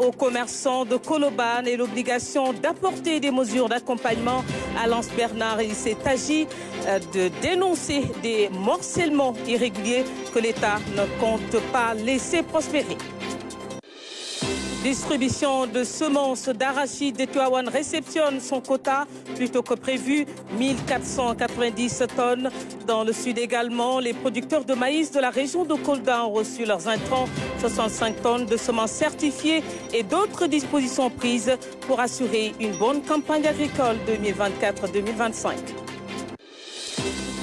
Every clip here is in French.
aux commerçants de Colobane et l'obligation d'apporter des mesures d'accompagnement à Lance Bernard. Il s'est agi euh, de dénoncer des morcellements irréguliers que l'État ne compte pas laisser prospérer. Distribution de semences d'arachide. et réceptionne son quota plutôt que prévu, 1490 tonnes. Dans le sud également, les producteurs de maïs de la région de Kolda ont reçu leurs intrants, 65 tonnes de semences certifiées et d'autres dispositions prises pour assurer une bonne campagne agricole 2024-2025.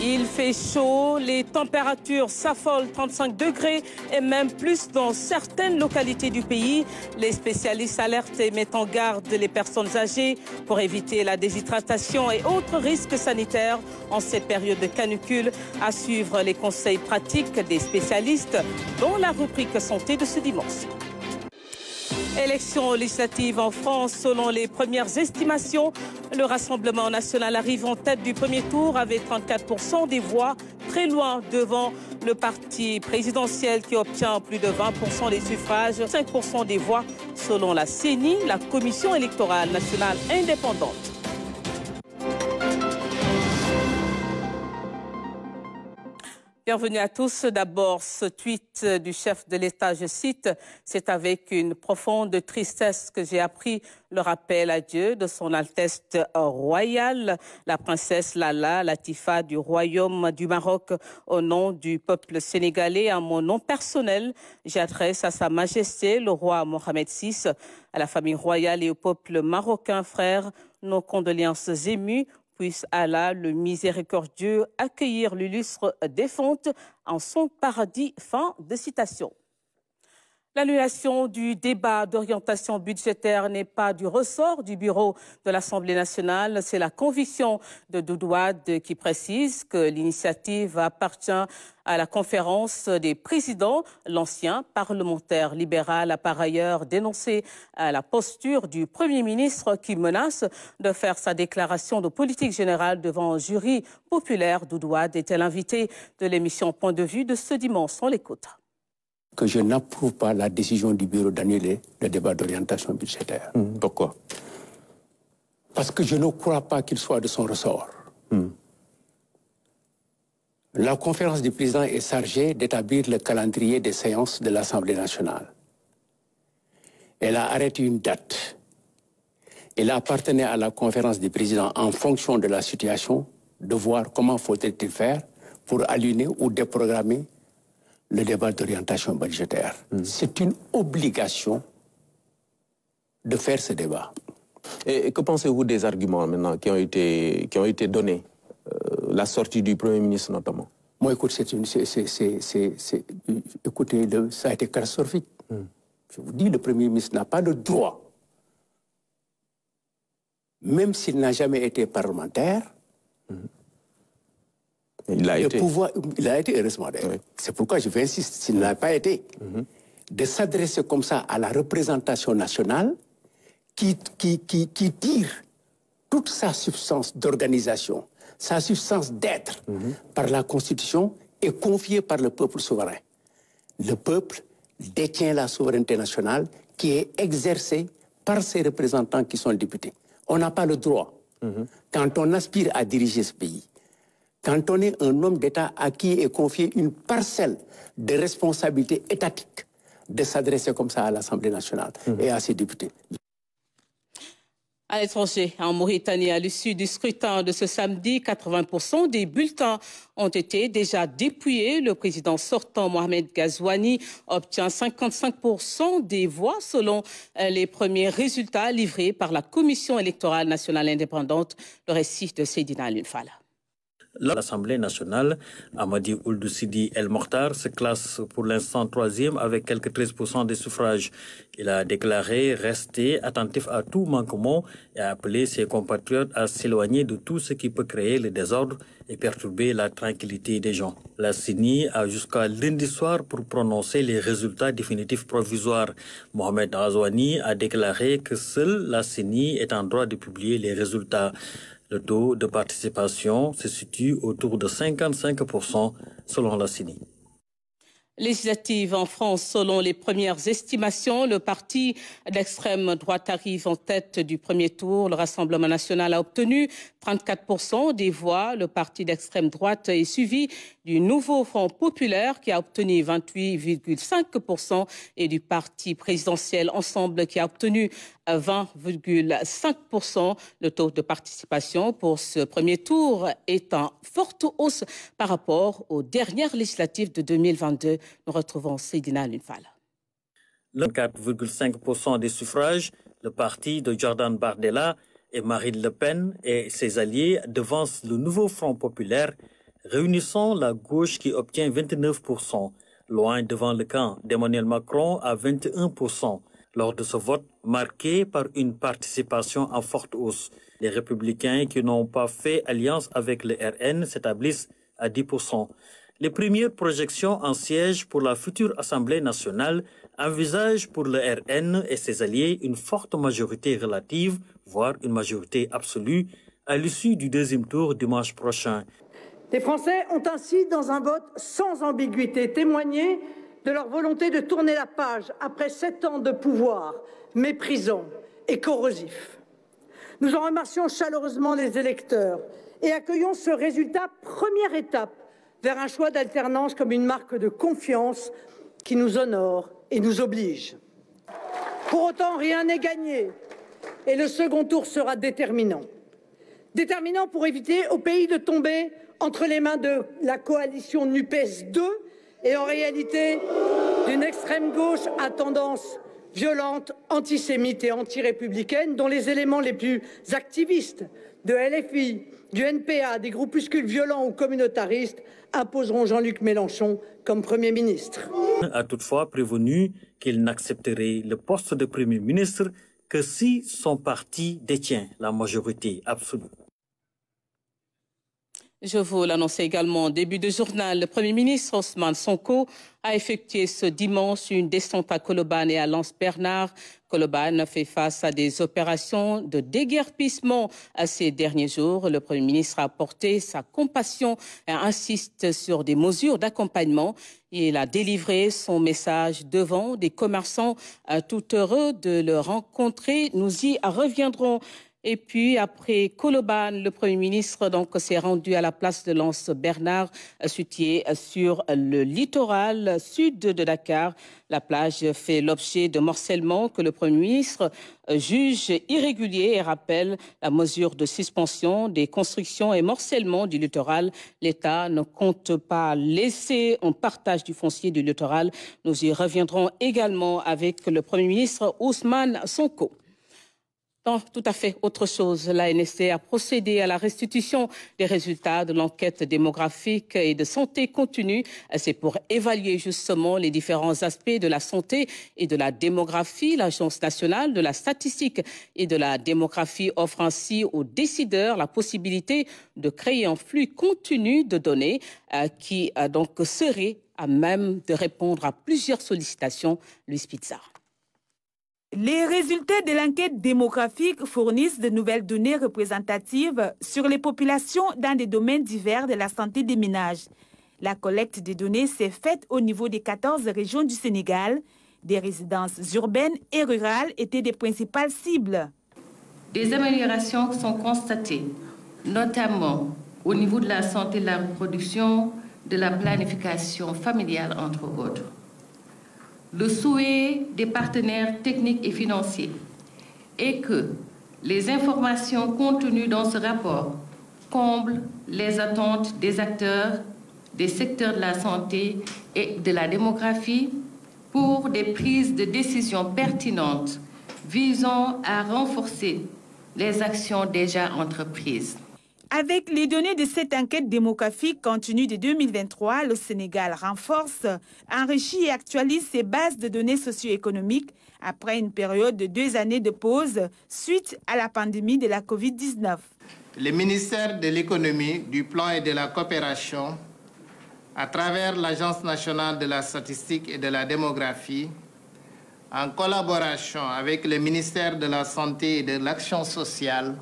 Il fait chaud, les températures s'affolent 35 degrés et même plus dans certaines localités du pays. Les spécialistes alertent et mettent en garde les personnes âgées pour éviter la déshydratation et autres risques sanitaires en cette période de canicule. À suivre les conseils pratiques des spécialistes dans la rubrique santé de ce dimanche. Élections législatives en France, selon les premières estimations, le Rassemblement national arrive en tête du premier tour avec 34% des voix, très loin devant le parti présidentiel qui obtient plus de 20% des suffrages, 5% des voix, selon la CENI, la Commission électorale nationale indépendante. Bienvenue à tous. D'abord, ce tweet du chef de l'État, je cite, C'est avec une profonde tristesse que j'ai appris le rappel à Dieu de son Altesse royale, la princesse Lala Latifa du Royaume du Maroc, au nom du peuple sénégalais. À mon nom personnel, j'adresse à Sa Majesté le roi Mohamed VI, à la famille royale et au peuple marocain frère nos condoléances émues Puisse Allah, le miséricordieux, accueillir l'illustre défunte en son paradis. Fin de citation. L'annulation du débat d'orientation budgétaire n'est pas du ressort du bureau de l'Assemblée nationale. C'est la conviction de Doudouade qui précise que l'initiative appartient à la conférence des présidents. L'ancien parlementaire libéral a par ailleurs dénoncé la posture du Premier ministre qui menace de faire sa déclaration de politique générale devant un jury populaire. Doudouade était l'invité de l'émission Point de vue de ce dimanche. On l'écoute que je n'approuve pas la décision du bureau d'annuler le débat d'orientation budgétaire. Hmm. Pourquoi Parce que je ne crois pas qu'il soit de son ressort. Hmm. La conférence du président est chargée d'établir le calendrier des séances de l'Assemblée nationale. Elle a arrêté une date. Elle appartenait à la conférence du président en fonction de la situation de voir comment faut-il faire pour allumer ou déprogrammer le débat d'orientation budgétaire. Hmm. C'est une obligation de faire ce débat. Et, que pensez-vous des arguments maintenant qui ont été, qui ont été donnés euh, La sortie du Premier ministre notamment Moi, écoute, c'est une, écoutez, ça a été catastrophique. Hmm. Je vous dis, le Premier ministre n'a pas le droit, même s'il n'a jamais été parlementaire, il a été. il a été, heureusement C'est pourquoi je vais insister, s'il n'a pas été, mhm. de s'adresser comme ça à la représentation nationale qui, qui, qui, qui tire toute sa substance d'organisation, sa substance d'être mhm. par la Constitution et confiée par le peuple souverain. Le peuple détient la souveraineté nationale qui est exercée par ses représentants qui sont députés. On n'a pas le droit, mhm. quand on aspire à diriger ce pays, quand un homme d'État à qui est confié une parcelle de responsabilité étatique, de s'adresser comme ça à l'Assemblée nationale mhm. et à ses députés. À l'étranger, en Mauritanie, à l'issue du scrutin de ce samedi, 80% des bulletins ont été déjà dépouillés. Le président sortant, Mohamed Ghazouani, obtient 55% des voix selon euh, les premiers résultats livrés par la Commission électorale nationale indépendante. Le récit de Sédina Lunfala. L'Assemblée nationale, Amadi Sidi El Mortar, se classe pour l'instant troisième avec quelques 13% des suffrages. Il a déclaré rester attentif à tout manquement et a appelé ses compatriotes à s'éloigner de tout ce qui peut créer le désordre et perturber la tranquillité des gens. La CENI a jusqu'à lundi soir pour prononcer les résultats définitifs provisoires. Mohamed Azouani a déclaré que seule la CENI est en droit de publier les résultats. Le taux de participation se situe autour de 55% selon la CINI législative en France. Selon les premières estimations, le parti d'extrême droite arrive en tête du premier tour. Le Rassemblement national a obtenu 34% des voix. Le parti d'extrême droite est suivi du nouveau Front populaire qui a obtenu 28,5% et du parti présidentiel Ensemble qui a obtenu 20,5%. Le taux de participation pour ce premier tour est en forte hausse par rapport aux dernières législatives de 2022. Nous retrouvons Seydina Le 4,5% des suffrages, le parti de Jordan Bardella et Marine Le Pen et ses alliés devancent le nouveau Front populaire, réunissant la gauche qui obtient 29%, loin devant le camp d'Emmanuel Macron à 21% lors de ce vote marqué par une participation en forte hausse. Les républicains qui n'ont pas fait alliance avec le RN s'établissent à 10%. Les premières projections en siège pour la future Assemblée nationale envisagent pour le RN et ses alliés une forte majorité relative, voire une majorité absolue, à l'issue du deuxième tour dimanche prochain. Les Français ont ainsi, dans un vote sans ambiguïté, témoigné de leur volonté de tourner la page après sept ans de pouvoir méprisant et corrosif. Nous en remercions chaleureusement les électeurs et accueillons ce résultat, première étape vers un choix d'alternance comme une marque de confiance qui nous honore et nous oblige. Pour autant, rien n'est gagné et le second tour sera déterminant. Déterminant pour éviter au pays de tomber entre les mains de la coalition NUPES 2 et en réalité d'une extrême gauche à tendance violente, antisémite et antirépublicaine, dont les éléments les plus activistes de LFI, du NPA, des groupuscules violents ou communautaristes imposeront Jean-Luc Mélenchon comme Premier ministre. A toutefois prévenu qu'il n'accepterait le poste de Premier ministre que si son parti détient la majorité absolue. Je vous l'annonce également au début du journal. Le Premier ministre Osman Sonko a effectué ce dimanche une descente à Colobane et à Lance bernard Colobane fait face à des opérations de déguerpissement ces derniers jours. Le Premier ministre a apporté sa compassion et insiste sur des mesures d'accompagnement. Il a délivré son message devant des commerçants tout heureux de le rencontrer. Nous y reviendrons. Et puis après Koloban, le Premier ministre s'est rendu à la place de Lance Bernard euh, Sutier euh, sur le littoral sud de Dakar. La plage fait l'objet de morcellement que le Premier ministre euh, juge irrégulier et rappelle la mesure de suspension des constructions et morcellement du littoral. L'État ne compte pas laisser en partage du foncier du littoral. Nous y reviendrons également avec le Premier ministre Ousmane Sonko tout à fait autre chose, la NSC a procédé à la restitution des résultats de l'enquête démographique et de santé continue. C'est pour évaluer justement les différents aspects de la santé et de la démographie. L'Agence nationale de la statistique et de la démographie offre ainsi aux décideurs la possibilité de créer un flux continu de données euh, qui euh, donc serait à même de répondre à plusieurs sollicitations. Louis les résultats de l'enquête démographique fournissent de nouvelles données représentatives sur les populations dans des domaines divers de la santé des ménages. La collecte des données s'est faite au niveau des 14 régions du Sénégal. Des résidences urbaines et rurales étaient des principales cibles. Des améliorations sont constatées, notamment au niveau de la santé, de la reproduction, de la planification familiale, entre autres le souhait des partenaires techniques et financiers est que les informations contenues dans ce rapport comblent les attentes des acteurs des secteurs de la santé et de la démographie pour des prises de décisions pertinentes visant à renforcer les actions déjà entreprises. Avec les données de cette enquête démographique continue de 2023, le Sénégal renforce, enrichit et actualise ses bases de données socio-économiques après une période de deux années de pause suite à la pandémie de la COVID-19. Le ministère de l'économie, du plan et de la coopération, à travers l'Agence nationale de la statistique et de la démographie, en collaboration avec le ministère de la Santé et de l'Action sociale,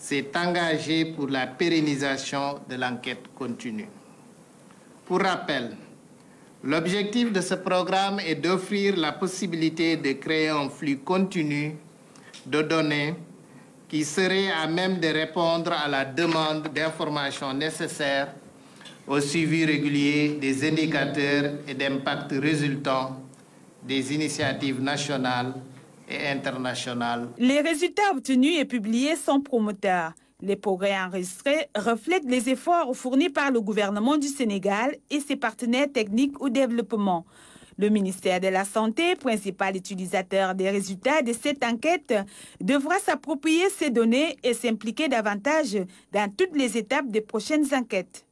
s'est engagé pour la pérennisation de l'enquête continue. Pour rappel, l'objectif de ce programme est d'offrir la possibilité de créer un flux continu de données qui serait à même de répondre à la demande d'informations nécessaires au suivi régulier des indicateurs et d'impact résultant des initiatives nationales les résultats obtenus et publiés sont promoteurs. Les progrès enregistrés reflètent les efforts fournis par le gouvernement du Sénégal et ses partenaires techniques au développement. Le ministère de la Santé, principal utilisateur des résultats de cette enquête, devra s'approprier ces données et s'impliquer davantage dans toutes les étapes des prochaines enquêtes.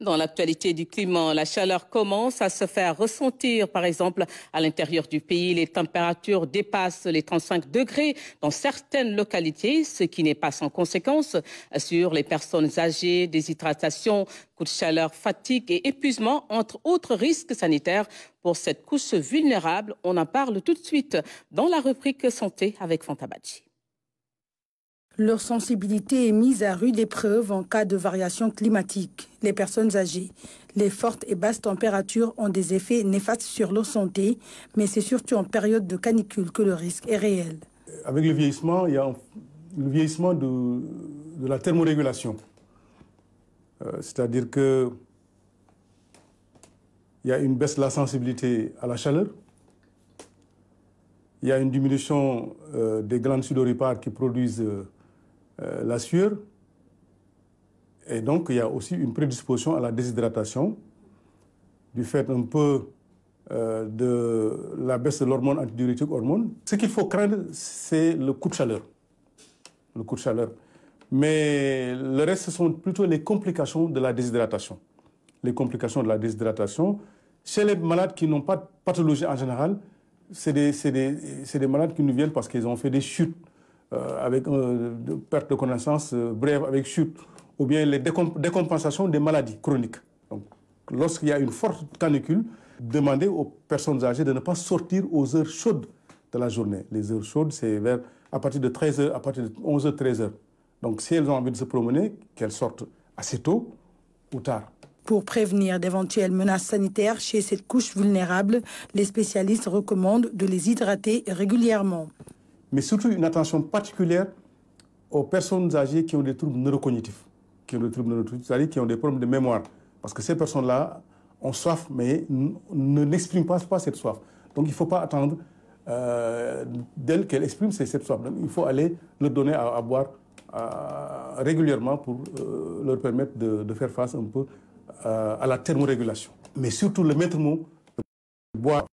Dans l'actualité du climat, la chaleur commence à se faire ressentir. Par exemple, à l'intérieur du pays, les températures dépassent les 35 degrés dans certaines localités, ce qui n'est pas sans conséquence sur les personnes âgées, déshydratation, coup de chaleur, fatigue et épuisement, entre autres risques sanitaires. Pour cette couche vulnérable, on en parle tout de suite dans la rubrique santé avec Fantabachi. Leur sensibilité est mise à rude épreuve en cas de variation climatique. Les personnes âgées, les fortes et basses températures ont des effets néfastes sur leur santé, mais c'est surtout en période de canicule que le risque est réel. Avec le vieillissement, il y a le vieillissement de, la thermorégulation. Euh, c'est-à-dire qu'il y a une baisse de la sensibilité à la chaleur, il y a une diminution euh, des glandes sudoripares qui produisent euh, euh, la sueur. Et donc, il y a aussi une prédisposition à la déshydratation du fait un peu euh, de la baisse de l'hormone antidiurétique hormone. Ce qu'il faut craindre, c'est le coup de chaleur. Le coup de chaleur. Mais le reste, ce sont plutôt les complications de la déshydratation. Les complications de la déshydratation. Chez les malades qui n'ont pas de pathologie en général, c'est des, des, des, malades qui nous viennent parce qu'ils ont fait des chutes euh, avec une euh, perte de connaissance euh, brève avec chute, ou bien les décompensations des maladies chroniques. Donc, lorsqu'il y a une forte canicule, demandez aux personnes âgées de ne pas sortir aux heures chaudes de la journée. Les heures chaudes, c'est vers à partir de 13h, à partir de 11h, 13h. Donc si elles ont envie de se promener, qu'elles sortent assez tôt ou tard. Pour prévenir d'éventuelles menaces sanitaires chez cette couche vulnérable, les spécialistes recommandent de les hydrater régulièrement mais surtout une attention particulière aux personnes âgées qui ont des troubles neurocognitifs, qui ont des troubles c'est-à-dire qui ont des problèmes de mémoire. Parce que ces personnes-là ont soif, mais ne n'expriment pas, cette soif. Donc il ne faut pas attendre euh, d'elles qu'elles expriment cette soif. il faut aller leur donner à, boire régulièrement pour euh, leur permettre de, faire face un peu euh, à la thermorégulation. Mais surtout le maître mot, boire.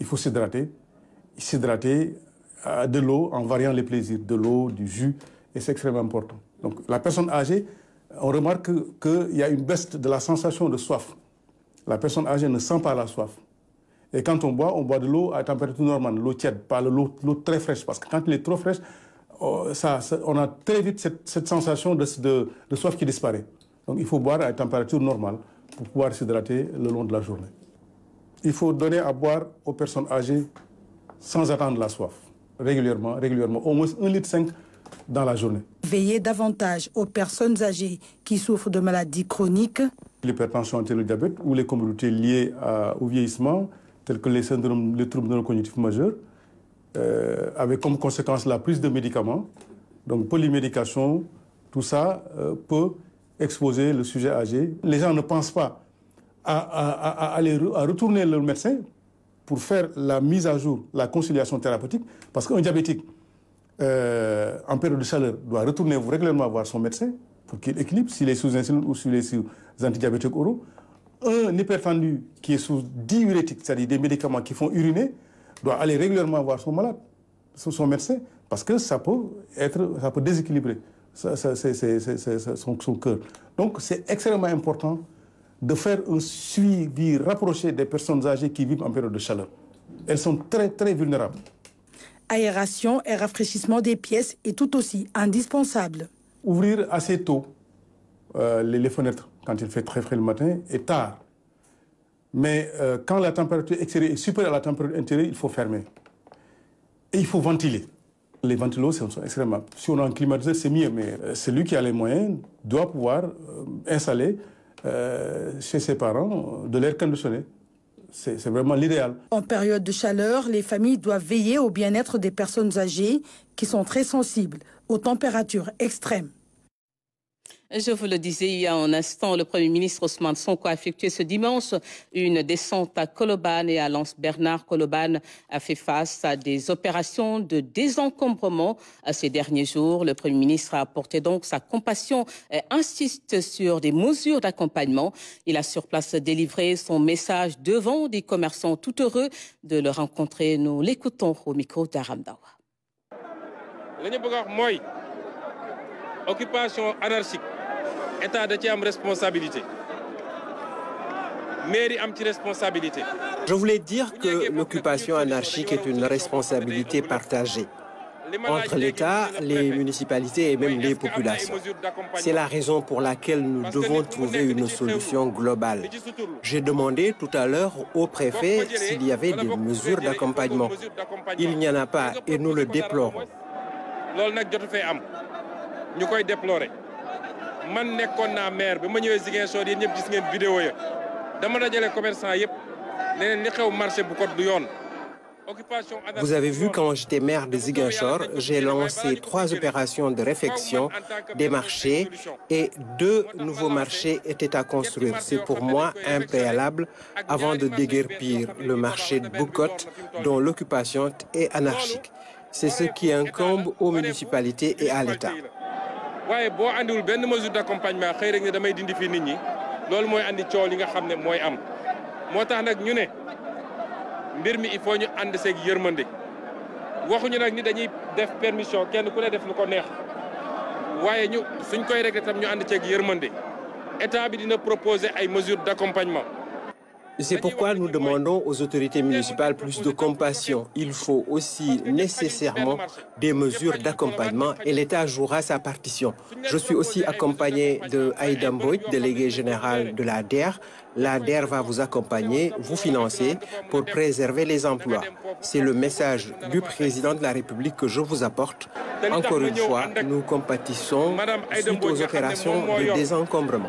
Il faut s'hydrater, s'hydrater à euh, de l'eau en variant les plaisirs, de l'eau, du jus, et c'est extrêmement important. Donc la personne âgée, on remarque qu'il y a une baisse de la sensation de soif. La personne âgée ne sent pas la soif. Et quand on boit, on boit de l'eau à température normale, l'eau tiède, pas l'eau très fraîche, parce que quand elle est trop fraîche, oh, ça, on a très vite cette, sensation de, de, soif qui disparaît. Donc il faut boire à température normale pour pouvoir s'hydrater le long de la journée. Il faut donner à boire aux personnes âgées sans attendre la soif, régulièrement, régulièrement, au moins 1,5 litre dans la journée. Veiller davantage aux personnes âgées qui souffrent de maladies chroniques. L'hypertension et le diabète ou les communautés liées au vieillissement, tels que les syndromes, les troubles neurocognitifs majeurs, euh, avec comme conséquence la prise de médicaments. Donc polymédication, tout ça euh, peut exposer le sujet âgé. Les gens ne pensent pas à, aller, retourner le médecin pour faire la mise à jour, la conciliation thérapeutique, parce qu'un diabétique euh, en période de chaleur doit retourner régulièrement voir son médecin pour qu'il équilibre s'il est sous insuline ou s'il est sous antidiabétique oraux. Un hypertendu qui est sous diurétique, c'est-à-dire des médicaments qui font uriner, doit aller régulièrement voir son malade, son médecin, parce que ça peut, être, ça peut déséquilibrer son cœur. Donc c'est extrêmement important de faire un suivi rapproché des personnes âgées qui vivent en période de chaleur. Elles sont très, très vulnérables. Aération et rafraîchissement des pièces est tout aussi indispensable. Ouvrir assez tôt euh, les, fenêtres quand il fait très frais le matin est tard. Mais euh, quand la température extérieure est supérieure à la température intérieure, il faut fermer. Et il faut ventiler. Les ventilos sont extrêmement... Si on a un climatiseur, c'est mieux, mais euh, celui qui a les moyens doit pouvoir installer euh, chez ses parents de l'air conditionné. C'est vraiment l'idéal. En période de chaleur, les familles doivent veiller au bien-être des personnes âgées qui sont très sensibles aux températures extrêmes. Je vous le disais il y a un instant, le Premier ministre Osman Sonko a effectué ce dimanche une descente à kolobane et à Lance Bernard. kolobane a fait face à des opérations de désencombrement ces derniers jours. Le Premier ministre a apporté donc sa compassion et insiste sur des mesures d'accompagnement. Il a sur place délivré son message devant des commerçants tout heureux de le rencontrer. Nous l'écoutons au micro d'Aramdawa occupation anarchique état de responsabilité mairie responsabilité. Je voulais dire que l'occupation anarchique est une responsabilité partagée entre l'État, les municipalités et même les populations. C'est la raison pour laquelle nous devons trouver une solution globale. J'ai demandé tout à l'heure au préfet s'il y avait des mesures d'accompagnement. Il n'y en a pas et nous le déplorons. Nous déplorer Vous avez vu quand j'étais maire de Ziguinchor, j'ai lancé trois opérations de réfection des marchés et deux nouveaux marchés étaient à construire. C'est pour moi impéalable, avant de déguerpir le marché de Bukot, dont l'occupation est anarchique. C'est ce qui incombe aux municipalités et à l'État waye bo andiwul ben mesure d'accompagnement xëy rek ne damay dindi fi nit ñi loolu moy andi coow li nga xamne moy am motax nak ñu ne mbir mi il faut ñu ànd yermande waxu ñu nak ni dañuy def permission kenn ku ne def lu ko neex waye ñu suñ koy régler tam ñu ci ak yermande état bi dina proposer ay mesures d'accompagnement c'est pourquoi nous demandons aux autorités municipales plus de compassion. Il faut aussi nécessairement des mesures d'accompagnement et l'État jouera sa partition. Je suis aussi accompagné de Aidan délégué général de la DER. La DER va vous accompagner, vous financer pour préserver les emplois. C'est le message du président de la République que je vous apporte. Encore une fois, nous compatissons suite aux opérations de désencombrement.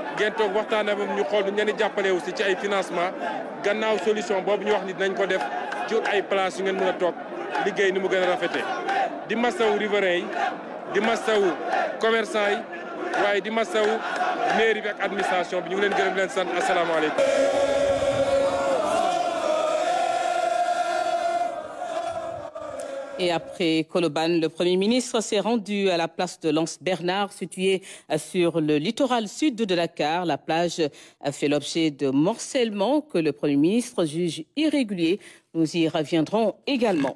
ngeen toog waxtaan ak moom ñu xool ñu leen di jàppale aussi ci ay financement gannaaw solution boobu ñu wax ni dinañ ko def ci ay place yu ngeen mën a toog liggéey ni mu gën a rafete di masawu riverain yi di masawu commerçant yi waaye di masawu mairie bi ak administration bi ñu ngi leen gërëm leen sant asalaamaaleykum Et après Coloban, le Premier ministre s'est rendu à la place de Lance Bernard, située sur le littoral sud de Dakar. La plage a fait l'objet de morcellement que le Premier ministre juge irrégulier. Nous y reviendrons également.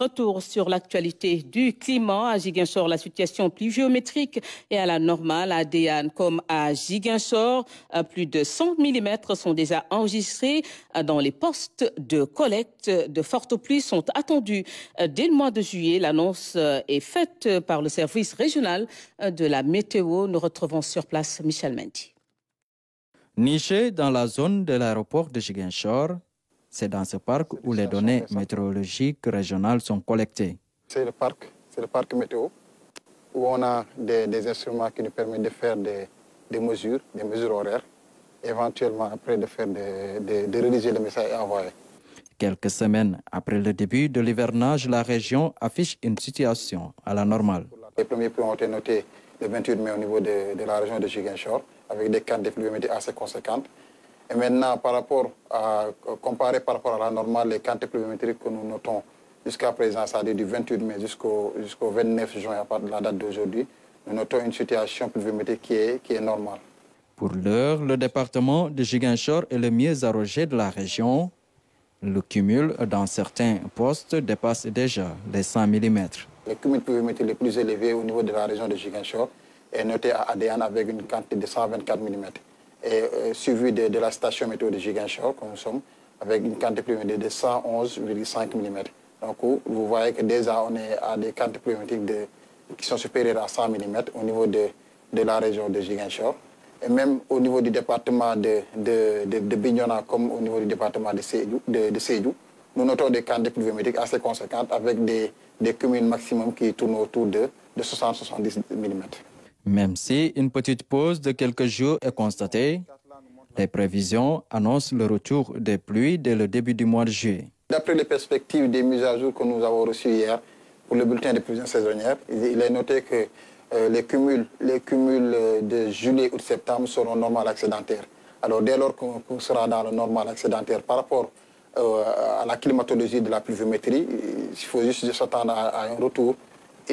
Retour sur l'actualité du climat. À Giguinchor, la situation pluviométrique est à la normale à Déane comme à Giguinchor. Euh, plus de 100 mm sont déjà enregistrés euh, dans les postes de collecte. De fortes pluies sont attendues euh, dès le mois de juillet. L'annonce est faite par le service régional de la météo. Nous retrouvons sur place Michel Mendy. Niché dans la zone de l'aéroport de Giguinchor, c'est dans ce parc où les données météorologiques régionales sont collectées. C'est le parc, c'est le parc météo, où on a des, instruments qui nous permettent de faire des, mesures, des mesures horaires, éventuellement après de faire de rédiger les messages et envoyer. Quelques semaines après le début de l'hivernage, la région affiche une situation à la normale. Les premiers points ont été notés le 28 mai au niveau de, la région de Jigenshore, avec des cas de pluviométrie assez conséquentes. Et maintenant, par rapport à, comparé par rapport à la normale, les quantités pluviométriques que nous notons jusqu'à présent, c'est-à-dire du 28 mai jusqu'au 29 juin, à partir de la date d'aujourd'hui, nous notons une situation pluviométrique qui est, qui est normale. Pour l'heure, le département de Giganchor est le mieux arrogé de la région. Le cumul dans certains postes dépasse déjà les 100 mm. Le cumul pluviométrique le plus élevé au niveau de la région de Giganchor est noté à Adéane avec une quantité de 124 mm et euh, suivi de, la station météo de Giganshore, comme nous sommes, avec une quantité pluviométrique de 111,5 mm. Donc, vous voyez que déjà, on est à des quantités pluviométriques qui sont supérieures à 100 mm au niveau de, la région de Giganshore. Et même au niveau du département de, Bignona, comme au niveau du département de Seydou, nous notons des quantités pluviométriques assez conséquentes avec des, communes maximum qui tournent autour de, de 60-70 mm. Même si une petite pause de quelques jours est constatée, les prévisions annoncent le retour des pluies dès le début du mois de juillet. D'après les perspectives des mises à jour que nous avons reçues hier pour le bulletin de prévisions saisonnières, il est noté que euh, les cumuls, les cumuls euh, de juillet, ou septembre seront normal accidentaires. Alors dès lors qu'on sera dans le normal accidentaire par rapport euh, à la climatologie de la pluviométrie, il faut juste s'attendre à un retour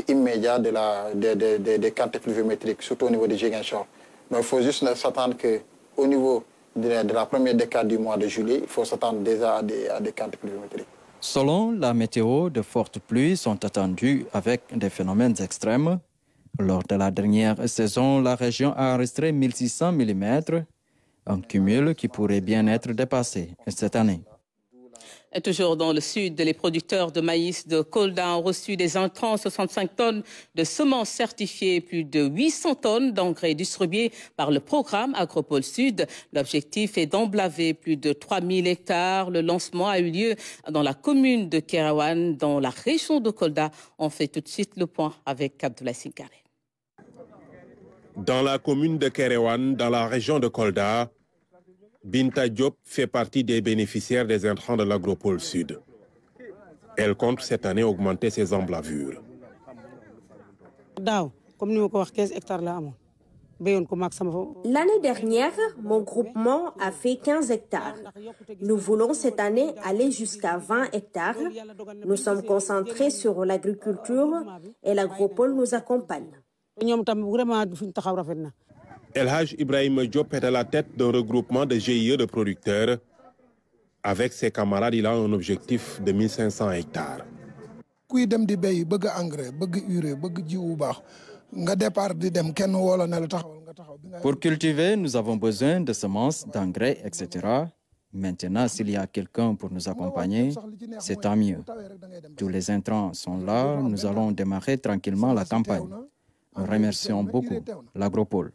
immédiat des de, cartes pluviométriques, surtout au niveau des Géguinchor. Mais il faut juste s'attendre qu'au niveau de la, première décade du mois de juillet, il faut s'attendre déjà à des, à des cartes pluviométriques. Selon la météo, de fortes pluies sont attendues avec des phénomènes extrêmes. Lors de la dernière saison, la région a enregistré 1600 mm, un cumul qui pourrait bien être dépassé cette année toujours dans le sud, les producteurs de maïs de Kolda ont reçu des intrants, 65 tonnes de semences certifiées, plus de 800 tonnes d'engrais distribués par le programme Agropole Sud. L'objectif est d'emblaver plus de 3000 hectares. Le lancement a eu lieu dans la commune de Kerewan, dans la région de Kolda. On fait tout de suite le point avec Abdoulaye Sinkare. Dans la commune de Kerewan, dans la région de Kolda, Binta Diop fait partie des bénéficiaires des intrants de l'Agropole Sud. Elle compte cette année augmenter ses emblavures. L'année dernière, mon groupement a fait 15 hectares. Nous voulons cette année aller jusqu'à 20 hectares. Nous sommes concentrés sur l'agriculture et l'agropole nous accompagne. El Haj Ibrahim Diop est à la tête d'un regroupement de GIE de producteurs. Avec ses camarades, il a un objectif de 1500 hectares. Pour cultiver, nous avons besoin de semences, d'engrais, etc. Maintenant, s'il y a quelqu'un pour nous accompagner, c'est tant mieux. Tous les intrants sont là, nous allons démarrer tranquillement la campagne remercions beaucoup l'agropole.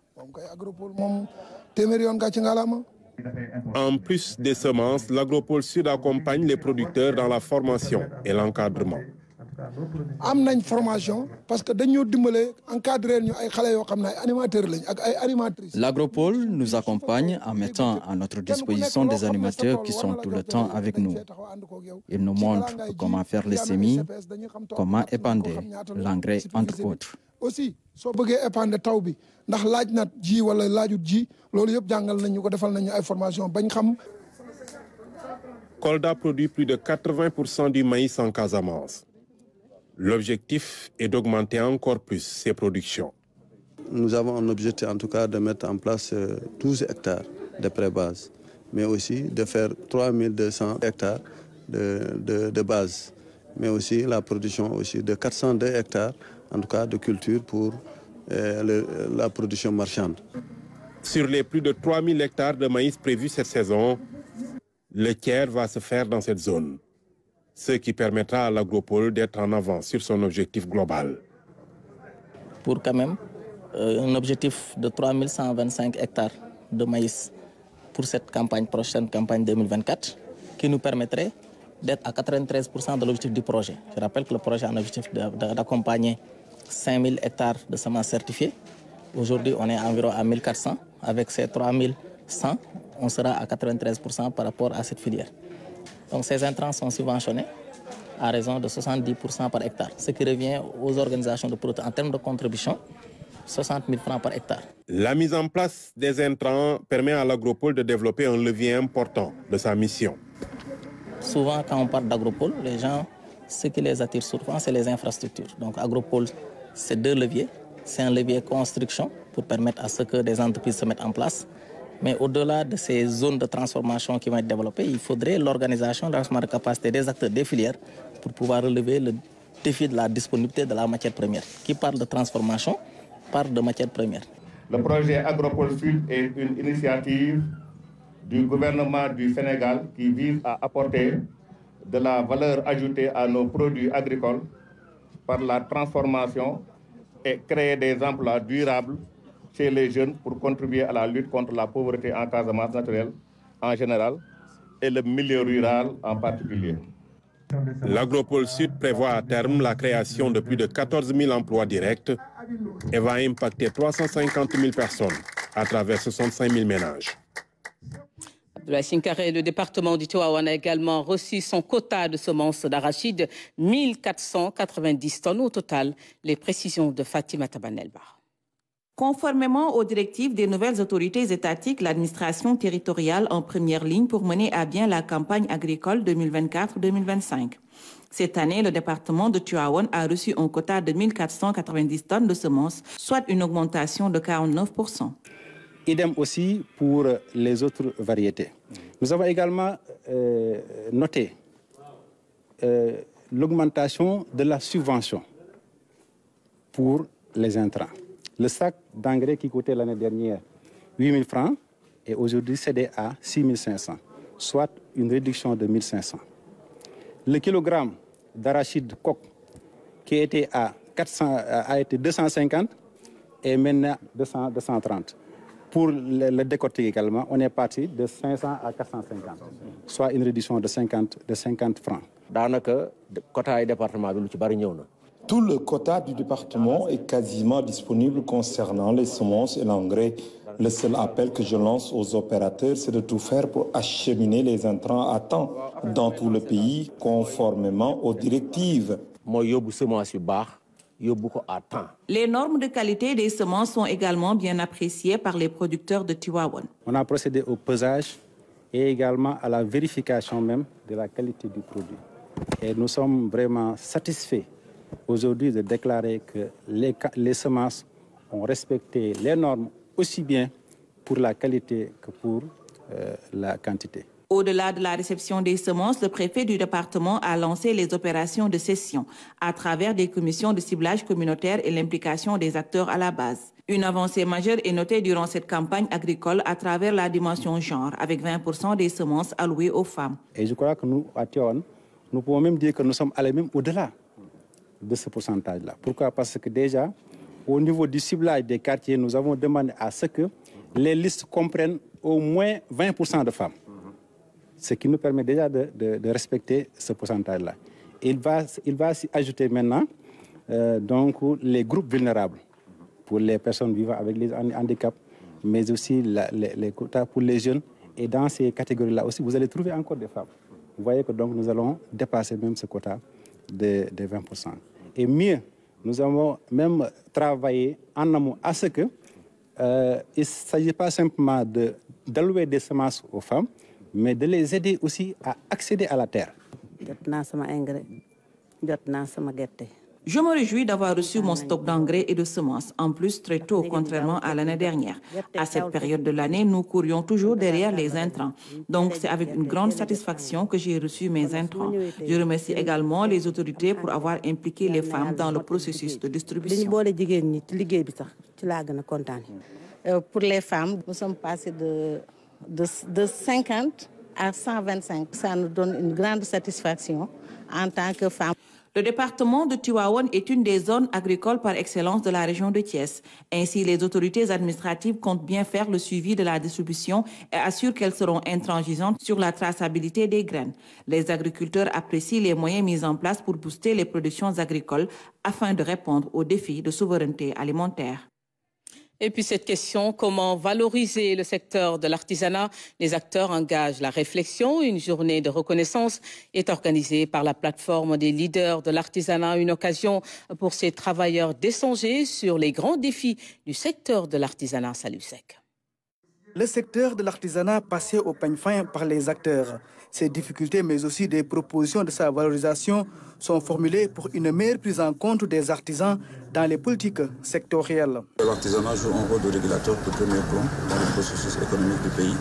En plus des semences, l'agropole sud accompagne les producteurs dans la formation et l'encadrement. l'agropole nous accompagne en mettant à notre disposition des animateurs qui sont tout le temps avec nous. Ils nous montrent comment faire les semis, comment épander l'engrais entre autres aussi épandre produit plus de 80 du maïs en Casamance. L'objectif est d'augmenter encore plus ses productions. Nous avons un objectif en tout cas de mettre en place 12 euh, hectares de pré-base, mais aussi de faire 3200 hectares de, de, base, mais aussi la production aussi de 402 hectares en tout cas de culture pour euh, euh, la production marchande. Sur les plus de 3000 hectares de maïs prévus cette saison, le tiers va se faire dans cette zone, ce qui permettra à l'agropole d'être en avant sur son objectif global. Pour quand même euh, un objectif de 3125 hectares de maïs pour cette campagne prochaine, campagne 2024, qui nous permettrait d'être à 93% de l'objectif du projet. Je rappelle que le projet a un objectif d'accompagner 5000 hectares de semences certifiées. Aujourd'hui, on est environ à 1400. Avec ces 3100, on sera à 93% par rapport à cette filière. Donc ces intrants sont subventionnés à raison de 70% par hectare, ce qui revient aux organisations de produits en termes de contribution. 60 000 francs par hectare. La mise en place des intrants permet à l'agropole de développer un levier important de sa mission. Souvent, quand on parle d'agropole, les gens, ce qui les attire souvent, c'est les infrastructures. Donc, agropole, ces deux leviers. C'est un levier construction pour permettre à ce que des entreprises se mettent en place. Mais au-delà de ces zones de transformation qui vont être développées, il faudrait l'organisation, l'avancement de capacité des acteurs des filières pour pouvoir relever le défi de la disponibilité de la matière première. Qui parle de transformation parle de matière première. Le projet Agropole Sud est une initiative du gouvernement du Sénégal qui vise à apporter de la valeur ajoutée à nos produits agricoles par la transformation et créer des emplois durables chez les jeunes pour contribuer à la lutte contre la pauvreté en de masse naturelle en général et le milieu rural en particulier. L'Agropole Sud prévoit à terme la création de plus de 14 000 emplois directs et va impacter 350 000 personnes à travers 65 000 ménages le département du Tiwawan a également reçu son quota de semences d'arachide, 1490 tonnes au total. Les précisions de Fatima Tabanelba. Conformément aux directives des nouvelles autorités étatiques, l'administration territoriale en première ligne pour mener à bien la campagne agricole 2024-2025. Cette année, le département de Tuaon a reçu un quota de 1490 tonnes de semences, soit une augmentation de 49 Idem aussi pour les autres variétés. Nous avons également euh, noté euh, l'augmentation de la subvention pour les intrants. Le sac d'engrais qui coûtait l'année dernière 8 000 francs est aujourd'hui cédé à 6 500, soit une réduction de 1 500. Le kilogramme d'arachide coque qui était à a été 250 et maintenant 230. Pour le, deux également, on est parti de 500 à 450, soit une réduction de 50, de 50 francs. quota Tout le quota du département est quasiment disponible concernant les semences et l'engrais. Le seul appel que je lance aux opérateurs, c'est de tout faire pour acheminer les intrants à temps dans tout le pays, conformément aux directives. Moi, je les normes de qualité des semences sont également bien appréciées par les producteurs de Tiwawon. on a procédé au pesage et également à la vérification même de la qualité du produit. Et nous sommes vraiment satisfaits aujourd'hui de déclarer que les, semences ont respecté les normes aussi bien pour la qualité que pour euh, la quantité. Au-delà de la réception des semences, le préfet du département a lancé les opérations de cession à travers des commissions de ciblage communautaire et l'implication des acteurs à la base. Une avancée majeure est notée durant cette campagne agricole à travers la dimension genre, avec 20% des semences allouées aux femmes. Et je crois que nous, à Thion, nous pouvons même dire que nous sommes allés même au-delà de ce pourcentage-là. Pourquoi Parce que déjà, au niveau du ciblage des quartiers, nous avons demandé à ce que les listes comprennent au moins 20% de femmes ce qui nous permet déjà de, respecter ce pourcentage-là. Il va, il va ajouter maintenant euh, donc, les groupes vulnérables pour les personnes vivant avec les handicaps, mais aussi les, quotas pour les jeunes. Et dans ces catégories-là aussi, vous allez trouver encore des femmes. Vous voyez que donc nous allons dépasser même ce quota de, 20%. Et mieux, nous avons même travaillé en amont à ce que euh, il ne s'agit pas simplement d'allouer des semences aux femmes, mais de les aider aussi à accéder à la terre. Je me réjouis d'avoir reçu mon stock d'engrais et de semences, en plus très tôt, contrairement à l'année dernière. À cette période de l'année, nous courions toujours derrière les intrants. Donc, c'est avec une grande satisfaction que j'ai reçu mes intrants. Je remercie également les autorités pour avoir impliqué les femmes dans le processus de distribution. Euh, pour les femmes, nous sommes passés de de, 50 à 125. Ça nous donne une grande satisfaction en tant que femme. Le département de Tiwawon est une des zones agricoles par excellence de la région de Thiès. Ainsi, les autorités administratives comptent bien faire le suivi de la distribution et assurent qu'elles seront intransigeantes sur la traçabilité des graines. Les agriculteurs apprécient les moyens mis en place pour booster les productions agricoles afin de répondre aux défis de souveraineté alimentaire. Et puis cette question, comment valoriser le secteur de l'artisanat Les acteurs engagent la réflexion. Une journée de reconnaissance est organisée par la plateforme des leaders de l'artisanat. Une occasion pour ces travailleurs d'échanger sur les grands défis du secteur de l'artisanat. Salut Le secteur de l'artisanat passé au peigne fin par les acteurs. Ces difficultés, mais aussi des propositions de sa valorisation, sont formulées pour une meilleure prise en compte des artisans dans les politiques sectorielles. L'artisanat joue un rôle de régulateur de premier plan dans le processus économique du pays,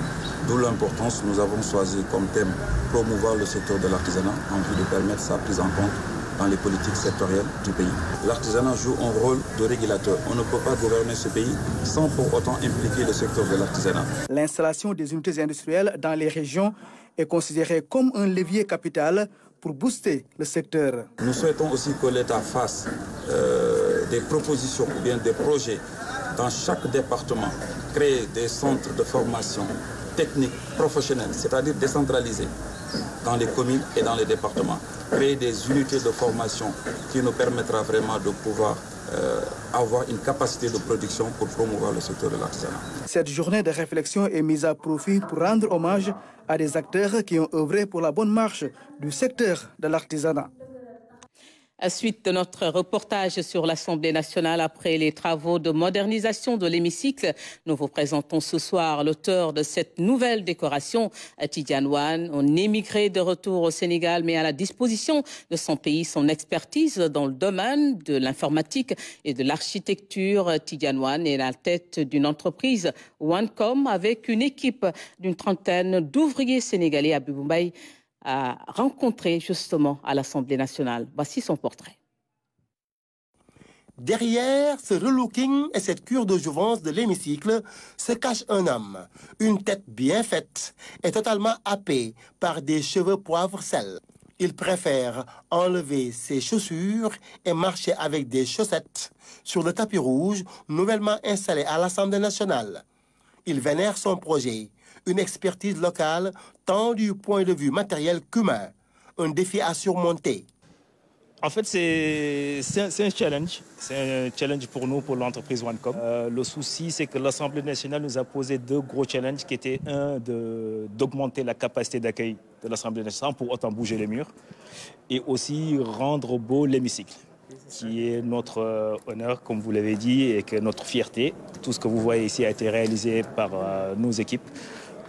d'où l'importance nous avons choisi comme thème promouvoir le secteur de l'artisanat en vue de permettre sa prise en compte dans les politiques sectorielles du pays. L'artisanat joue un rôle de régulateur. On ne peut pas gouverner ce pays sans pour autant impliquer le secteur de l'artisanat. L'installation des unités industrielles dans les régions est considéré comme un levier capital pour booster le secteur. Nous souhaitons aussi que l'État fasse euh, des propositions ou bien des projets dans chaque département, créer des centres de formation technique, professionnelle, c'est-à-dire décentralisés dans les communes et dans les départements, créer des unités de formation qui nous permettra vraiment de pouvoir euh, avoir une capacité de production pour promouvoir le secteur de l'artisanat. Cette journée de réflexion est mise à profit pour rendre hommage à des acteurs qui ont œuvré pour la bonne marche du secteur de l'artisanat. À suite de notre reportage sur l'Assemblée nationale après les travaux de modernisation de l'hémicycle, nous vous présentons ce soir l'auteur de cette nouvelle décoration, Tidiane Wan, un émigré de retour au Sénégal, mais à la disposition de son pays, son expertise dans le domaine de l'informatique et de l'architecture. Tidiane Wan est la tête d'une entreprise OneCom avec une équipe d'une trentaine d'ouvriers sénégalais à Bumbaï à rencontré justement à l'Assemblée nationale. Voici son portrait. Derrière ce relooking et cette cure de jouvence de l'hémicycle se cache un homme, une tête bien faite et totalement happée par des cheveux poivre-sel. Il préfère enlever ses chaussures et marcher avec des chaussettes sur le tapis rouge nouvellement installé à l'Assemblée nationale. Il vénère son projet une expertise locale tant du point de vue matériel qu'humain. Un défi à surmonter. En fait, c'est un, challenge. C'est un challenge pour nous, pour l'entreprise OneCom. Euh, le souci, c'est que l'Assemblée nationale nous a posé deux gros challenges qui étaient un, d'augmenter la capacité d'accueil de l'Assemblée nationale pour autant bouger les murs et aussi rendre beau l'hémicycle qui est notre euh, honneur, comme vous l'avez dit, et que notre fierté. Tout ce que vous voyez ici a été réalisé par euh, nos équipes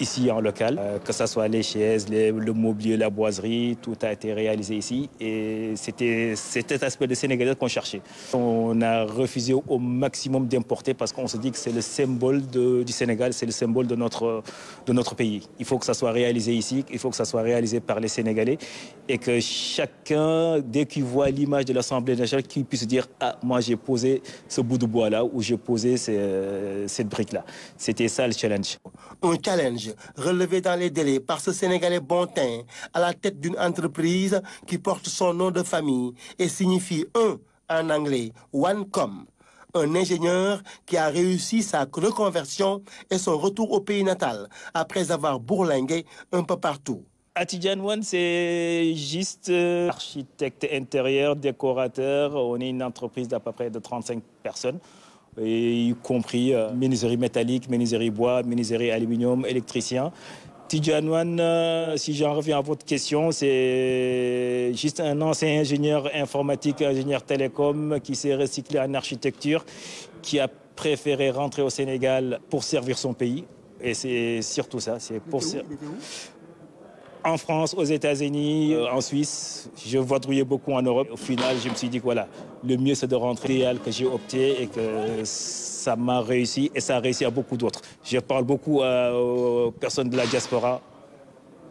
ici en local, euh, que ce soit les chaises, le mobilier, la boiserie, tout a été réalisé ici. Et c'était cet aspect de Sénégalais qu'on cherchait. On a refusé au maximum d'importer parce qu'on se dit que c'est le symbole du Sénégal, c'est le symbole de notre, de notre pays. Il faut que ça soit réalisé ici, il faut que ça soit réalisé par les Sénégalais et que chacun, dès qu'il voit l'image de l'Assemblée nationale, qu'il puisse dire Ah, moi j'ai posé ce bout de bois-là ou j'ai posé cette brique-là. C'était ça le challenge. Un challenge Relevé dans les délais par ce Sénégalais bontain à la tête d'une entreprise qui porte son nom de famille et signifie un en anglais, OneCom, un ingénieur qui a réussi sa reconversion et son retour au pays natal après avoir bourlingué un peu partout. Atidjan One, c'est juste euh, architecte intérieur, décorateur. On est une entreprise d'à peu près de 35 personnes y compris euh, miniserie métallique, miniserie bois, miniserie aluminium, électricien. Tidjanouan, euh, si j'en reviens à votre question, c'est juste un ancien ingénieur informatique, ingénieur télécom qui s'est recyclé en architecture, qui a préféré rentrer au Sénégal pour servir son pays. Et c'est surtout ça, c'est pour servir en France, aux États-Unis, euh, en Suisse. Je vadrouillais beaucoup en Europe. Au final, je me suis dit que voilà, le mieux c'est de rentrer l'idéal que j'ai opté et que ça m'a réussi et ça a réussi à beaucoup d'autres. Je parle beaucoup euh, aux personnes de la diaspora.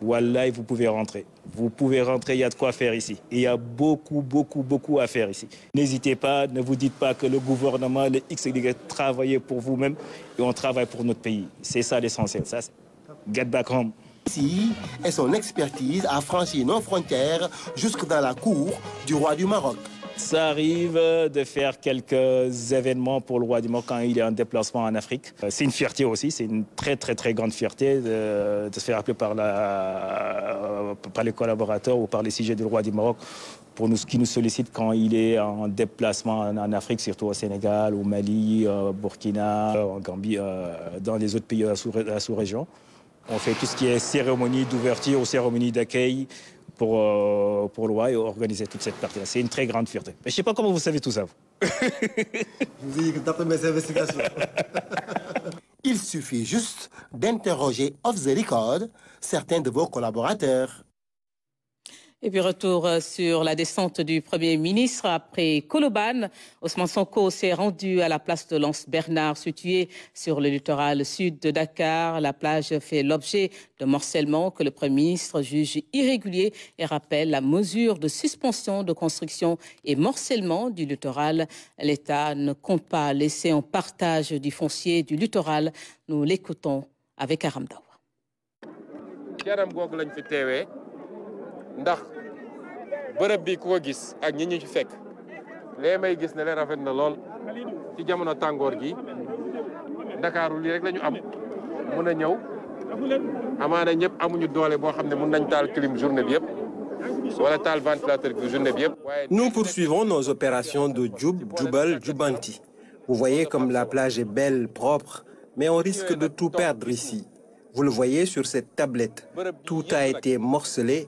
Voilà, vous pouvez rentrer. Vous pouvez rentrer, il y a de quoi faire ici. Il y a beaucoup, beaucoup, beaucoup à faire ici. N'hésitez pas, ne vous dites pas que le gouvernement, le X, Y, travaillez pour vous-même et on travaille pour notre pays. C'est ça l'essentiel. Ça, get back home et son expertise a franchi nos frontières jusque dans la cour du roi du Maroc. Ça arrive de faire quelques événements pour le roi du Maroc quand il est en déplacement en Afrique. Euh, c'est une fierté aussi, c'est une très très très grande fierté de, se faire appeler euh, par, les collaborateurs ou par les sujets du roi du Maroc pour nous, qui nous sollicite quand il est en déplacement en, Afrique, surtout au Sénégal, au Mali, au euh, Burkina, en Gambie, dans les autres pays de la sous-région. sous région on fait tout ce qui est cérémonie d'ouverture, ou cérémonie d'accueil pour, euh, pour l'OI et organiser toute cette partie-là. C'est une très grande fierté. Mais je ne sais pas comment vous savez tout ça, je vous que mes investigations. Il suffit juste d'interroger off the record certains de vos collaborateurs. Et puis retour euh, sur la descente du Premier ministre après Koloban. Osman Sonko s'est rendu à la place de Lance Bernard, située sur le littoral sud de Dakar. La plage fait l'objet de morcellement que le Premier ministre juge irrégulier et rappelle la mesure de suspension de construction et morcellement du littoral. L'État ne compte pas laisser en partage du foncier du littoral. Nous l'écoutons avec Aramdawa ndax bërëb bi ku ko gis ak ñi ñu ci fekk lee may gis ne leen rafet na lool ci jamono tàngoor gi ndakaaru lii rek la ñu am mun a ñëw amaana ñëpp amuñu doole boo xam ne mun nañ taal clim journée bi yëpp wala taal ventilateur bi journée bi yëpp. Nous poursuivons nos opérations de Djoub, Djoubal, Djoubanti. Vous voyez comme la plage est belle, propre, mais on risque de tout perdre ici. Vous le voyez sur cette tablette. Tout a été morcelé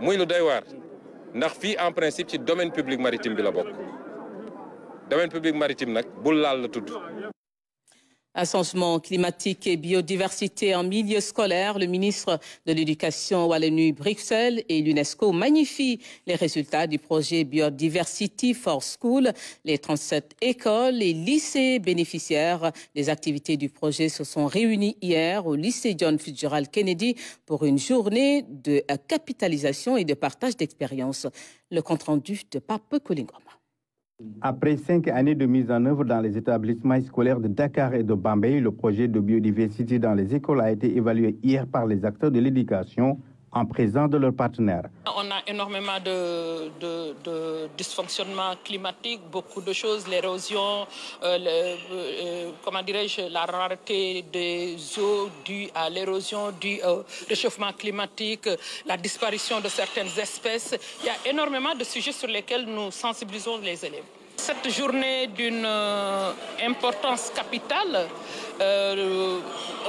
muy lu day waar ndax fii en principe ci domaine public maritime bi la bokk domaine public maritime nag bul laal la tudd changement climatique et biodiversité en milieu scolaire, le ministre de l'Éducation Wallonie-Bruxelles et l'UNESCO magnifient les résultats du projet Biodiversity for School. Les 37 écoles et lycées bénéficiaires des activités du projet se sont réunis hier au lycée John Fitzgerald Kennedy pour une journée de capitalisation et de partage d'expériences. Le compte-rendu de Pape Collingham. Après cinq années de mise en œuvre dans les établissements scolaires de Dakar et de Bambay, le projet de biodiversité dans les écoles a été évalué hier par les acteurs de l'éducation en présence de leurs partenaires. On a énormément de, dysfonctionnements climatiques, beaucoup de choses, l'érosion, euh, euh, comment dirais-je, la rareté des eaux due à l'érosion, du réchauffement climatique, la disparition de certaines espèces. Il y a énormément de sujets sur lesquels nous sensibilisons les élèves. Cette journée d'une euh, importance capitale, euh,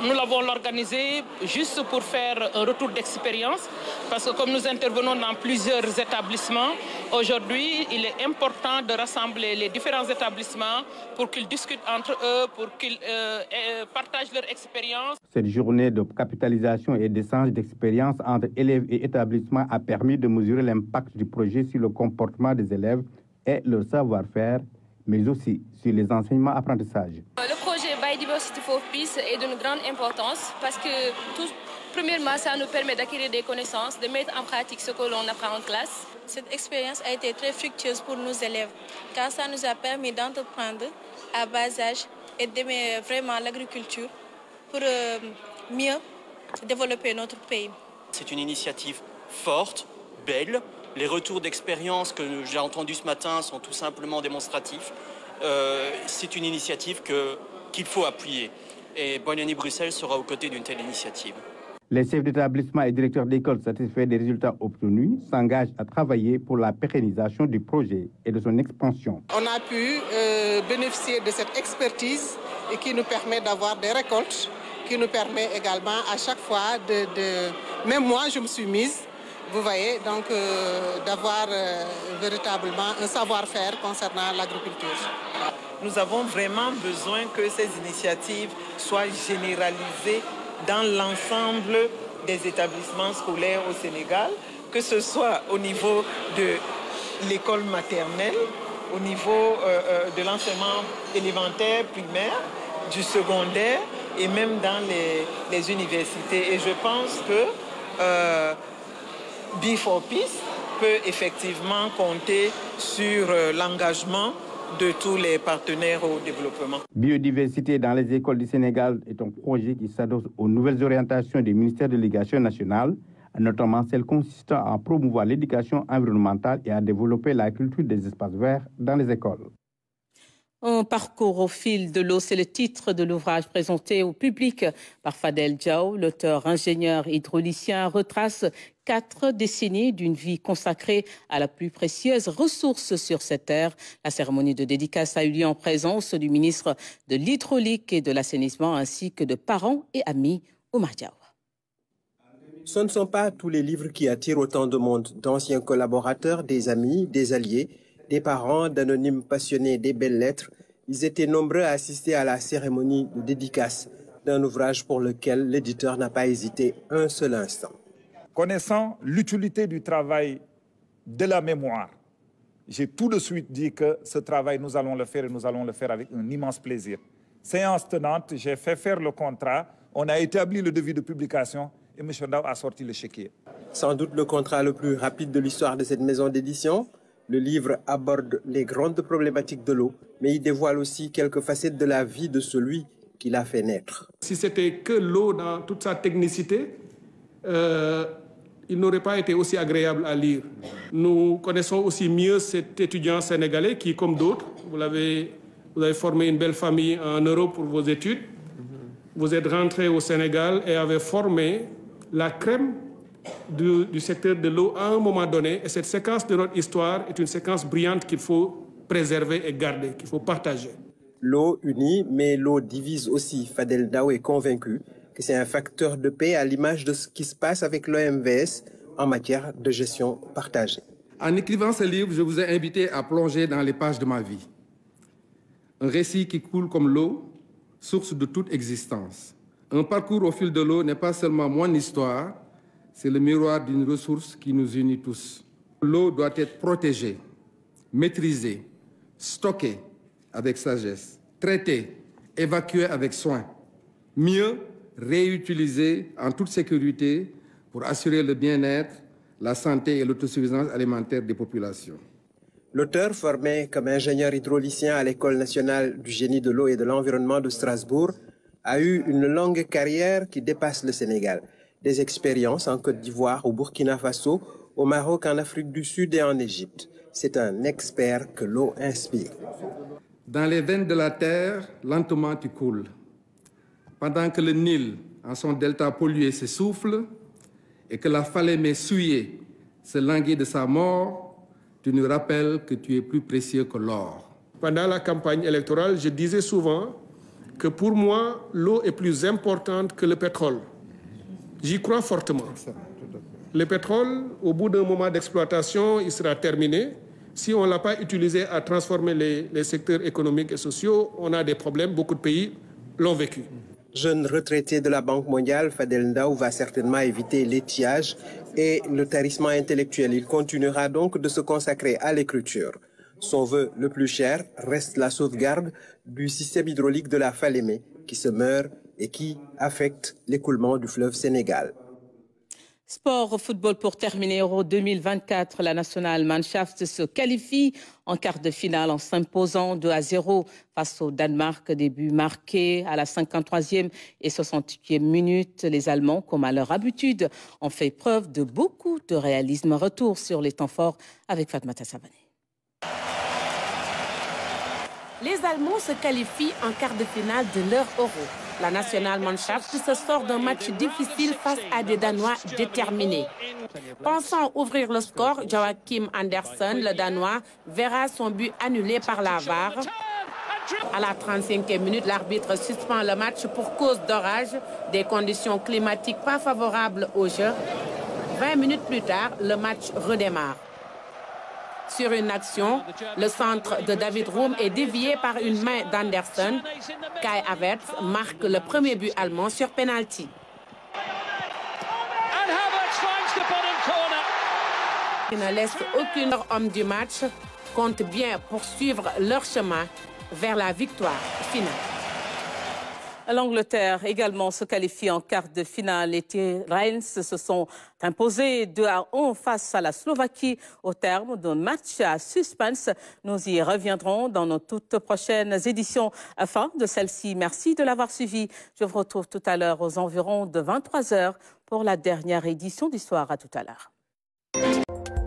nous l'avons organisée juste pour faire un retour d'expérience, parce que comme nous intervenons dans plusieurs établissements, aujourd'hui, il est important de rassembler les différents établissements pour qu'ils discutent entre eux, pour qu'ils euh, partagent leur expérience. Cette journée de capitalisation et d'échange d'expérience entre élèves et établissements a permis de mesurer l'impact du projet sur le comportement des élèves et leur savoir-faire, mais aussi sur les enseignements apprentissages. Euh, le projet Biodiversity for Peace est d'une grande importance parce que Premièrement, ça nous permet d'acquérir des connaissances, de mettre en pratique ce que l'on apprend en classe. Cette expérience a été très fructueuse pour nos élèves, car ça nous a permis d'entreprendre à bas âge et d'aimer vraiment l'agriculture pour euh, mieux développer notre pays. C'est une initiative forte, belle, les retours d'expérience que j'ai entendus ce matin sont tout simplement démonstratifs. Euh, c'est une initiative que, qu'il faut appuyer. Et Bonani Bruxelles sera aux côtés d'une telle initiative. Les chefs d'établissement et directeurs d'école satisfaits des résultats obtenus s'engagent à travailler pour la pérennisation du projet et de son expansion. On a pu euh, bénéficier de cette expertise et qui nous permet d'avoir des récoltes, qui nous permet également à chaque fois de... de... Même moi, je me suis mise vous voyez, donc euh, d'avoir euh, véritablement un savoir-faire concernant l'agriculture. Nous avons vraiment besoin que ces initiatives soient généralisées dans l'ensemble des établissements scolaires au Sénégal, que ce soit au niveau de l'école maternelle, au niveau euh, de l'enseignement élémentaire, primaire, du secondaire et même dans les, les universités. Et je pense que B4 Peace peut effectivement compter sur euh, l'engagement de tous les partenaires au développement. Biodiversité dans les écoles du Sénégal est un projet qui s'adosse aux nouvelles orientations du ministère de l'Éducation nationale, notamment celle consistant à promouvoir l'éducation environnementale et à développer la culture des espaces verts dans les écoles. Un parcours au fil de l'eau, c'est le titre de l'ouvrage présenté au public par Fadel Djao. L'auteur ingénieur hydraulicien retrace quatre décennies d'une vie consacrée à la plus précieuse ressource sur cette terre. La cérémonie de dédicace a eu lieu en présence du ministre de l'Hydraulique et de l'Assainissement ainsi que de parents et amis au Madiawa. Ce ne sont pas tous les livres qui attirent autant de monde, d'anciens collaborateurs, des amis, des alliés, des parents, d'anonymes passionnés des belles lettres. Ils étaient nombreux à assister à la cérémonie de dédicace d'un ouvrage pour lequel l'éditeur n'a pas hésité un seul instant. Connaissant l'utilité du travail de la mémoire, j'ai tout de suite dit que ce travail, nous allons le faire et nous allons le faire avec un immense plaisir. Séance tenante, j'ai fait faire le contrat, on a établi le devis de publication et M. Ndao a sorti le chéquier. Sans doute le contrat le plus rapide de l'histoire de cette maison d'édition. Le livre aborde les grandes problématiques de l'eau, mais il dévoile aussi quelques facettes de la vie de celui qui l'a fait naître. Si c'était que l'eau dans toute sa technicité, euh, il n'aurait pas été aussi agréable à lire. Nous connaissons aussi mieux cet étudiant sénégalais qui, comme d'autres, vous, avez, vous avez formé une belle famille en Europe pour vos études. Vous êtes rentré au Sénégal et avez formé la crème du, secteur de l'eau à un moment donné. Et cette séquence de notre histoire est une séquence brillante qu'il faut préserver et garder, qu'il faut partager. L'eau unit, mais l'eau divise aussi. Fadel Daou est convaincu que c'est un facteur de paix à l'image de ce qui se passe avec l'OMVS en matière de gestion partagée. En écrivant ce livre, je vous ai invité à plonger dans les pages de ma vie. Un récit qui coule comme l'eau, source de toute existence. Un parcours au fil de l'eau n'est pas seulement mon histoire, c'est le miroir d'une ressource qui nous unit tous. L'eau doit être protégée, maîtrisée, stockée avec sagesse, traitée, évacuée avec soin. Mieux, réutilisés en toute sécurité pour assurer le bien-être, la santé et l'autosuffisance alimentaire des populations. L'auteur, formé comme ingénieur hydraulicien à l'École nationale du génie de l'eau et de l'environnement de Strasbourg, a eu une longue carrière qui dépasse le Sénégal. Des expériences en Côte d'Ivoire, au Burkina Faso, au Maroc, en Afrique du Sud et en Égypte. C'est un expert que l'eau inspire. Dans les veines de la terre, lentement tu coules. Pendant que le Nil, en son delta pollué, s'essouffle et que la est souillée se languit de sa mort, tu nous rappelles que tu es plus précieux que l'or. Pendant la campagne électorale, je disais souvent que pour moi, l'eau est plus importante que le pétrole. J'y crois fortement. Le pétrole, au bout d'un moment d'exploitation, il sera terminé. Si on ne l'a pas utilisé à transformer les, secteurs économiques et sociaux, on a des problèmes. Beaucoup de pays l'ont vécu jeune retraité de la Banque mondiale, Fadel Ndaou, va certainement éviter l'étiage et le tarissement intellectuel. Il continuera donc de se consacrer à l'écriture. Son vœu le plus cher reste la sauvegarde du système hydraulique de la Falémé qui se meurt et qui affecte l'écoulement du fleuve Sénégal. Sport football pour terminer Euro 2024. La nationale Mannschaft se qualifie en quart de finale en s'imposant 2 à 0 face au Danemark. Début marqué à la 53e et 68e minute. Les Allemands, comme à leur habitude, ont fait preuve de beaucoup de réalisme. Retour sur les temps forts avec Fatmata Sabane. Les Allemands se qualifient en quart de finale de leur Euro. La nationale qui se sort d'un match difficile face à des Danois déterminés. Pensant ouvrir le score, Joachim Andersen, le Danois, verra son but annulé par la VAR. À la 35e minute, l'arbitre suspend le match pour cause d'orage, des conditions climatiques pas favorables au jeu. 20 minutes plus tard, le match redémarre. Sur une action, le centre de David Room est dévié par une main d'Anderson. Kai Havertz marque le premier but allemand sur penalty. Ils ne laisse aucune homme du match compte bien poursuivre leur chemin vers la victoire finale. L'Angleterre également se qualifie en quart de finale. Les Rains se sont imposés 2 à 1 face à la Slovaquie au terme d'un match à suspense. Nous y reviendrons dans nos toutes prochaines éditions. Fin de celle-ci, merci de l'avoir suivi. Je vous retrouve tout à l'heure aux environs de 23 heures pour la dernière édition du soir. À tout à l'heure.